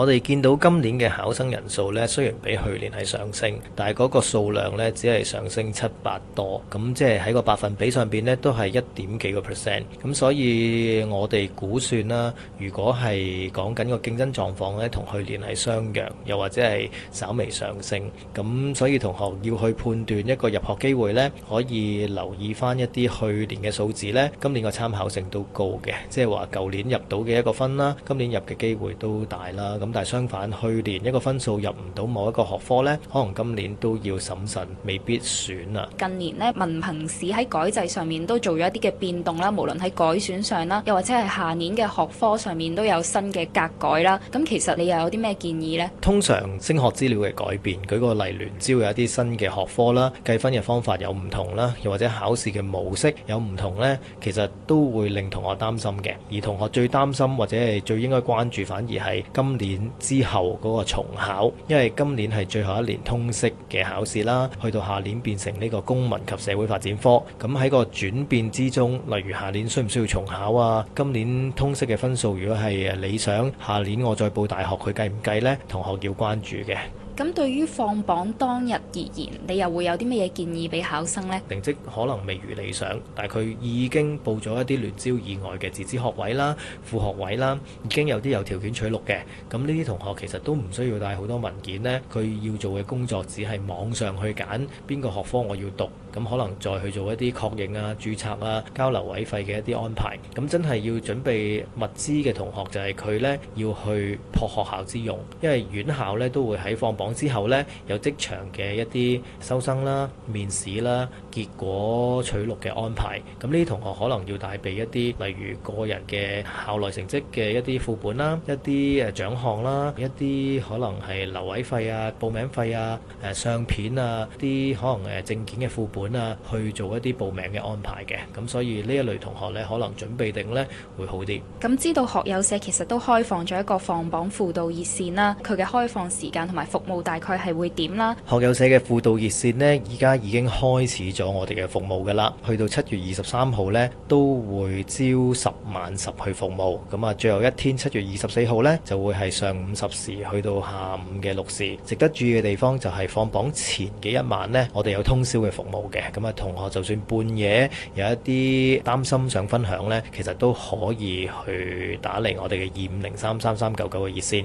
我哋見到今年嘅考生人數呢，雖然比去年係上升，但係嗰個數量呢，只係上升七百多，咁即係喺個百分比上面呢，都係一點幾個 percent。咁所以我哋估算啦，如果係講緊個競爭狀況呢，同去年係相若，又或者係稍微上升。咁所以同學要去判斷一個入學機會呢，可以留意翻一啲去年嘅數字呢，今年個參考性都高嘅，即係話舊年入到嘅一個分啦，今年入嘅機會都大啦，但相反，去年一個分數入唔到某一個學科呢，可能今年都要審慎，未必選啊。近年呢，文憑試喺改制上面都做咗一啲嘅變動啦，無論喺改選上啦，又或者係下年嘅學科上面都有新嘅革改啦。咁其實你又有啲咩建議呢？通常升學資料嘅改變，舉個例聯招有一啲新嘅學科啦，計分嘅方法有唔同啦，又或者考試嘅模式有唔同呢，其實都會令同學擔心嘅。而同學最擔心或者係最應該關注，反而係今年。之後嗰個重考，因為今年係最後一年通識嘅考試啦，去到下年變成呢個公民及社會發展科。咁喺個轉變之中，例如下年需唔需要重考啊？今年通識嘅分數如果係誒理想，下年我再報大學，佢計唔計呢？同學要關注嘅。咁對於放榜當日而言，你又會有啲乜嘢建議俾考生呢？成績可能未如理想，但係佢已經報咗一啲聯招以外嘅自資學位啦、副學位啦，已經有啲有條件取錄嘅。咁呢啲同學其實都唔需要帶好多文件呢，佢要做嘅工作只係網上去揀邊個學科我要讀。咁可能再去做一啲確認啊、註冊啊、交留位費嘅一啲安排。咁真係要準備物資嘅同學就，就係佢咧要去撲學校之用，因為院校咧都會喺放榜之後咧有職場嘅一啲收生啦、啊、面試啦、啊、結果取錄嘅安排。咁呢啲同學可能要帶備一啲，例如個人嘅校內成績嘅一啲副本啦、啊、一啲誒獎項啦、一啲可能係留位費啊、報名費啊、誒相片啊、啲可能誒證件嘅副本。本啊去做一啲報名嘅安排嘅，咁所以呢一類同學呢，可能準備定呢會好啲。咁知道學友社其實都開放咗一個放榜輔導熱線啦，佢嘅開放時間同埋服務大概係會點啦？學友社嘅輔導熱線呢，而家已經開始咗我哋嘅服務㗎喇，去到七月二十三號呢，都會朝十晚十去服務，咁啊最後一天七月二十四號呢，就會係上午十時去到下午嘅六時。值得注意嘅地方就係放榜前嘅一晚呢，我哋有通宵嘅服務。嘅咁啊，同學就算半夜有一啲擔心想分享咧，其實都可以去打嚟我哋嘅二五零三三三九九嘅熱線。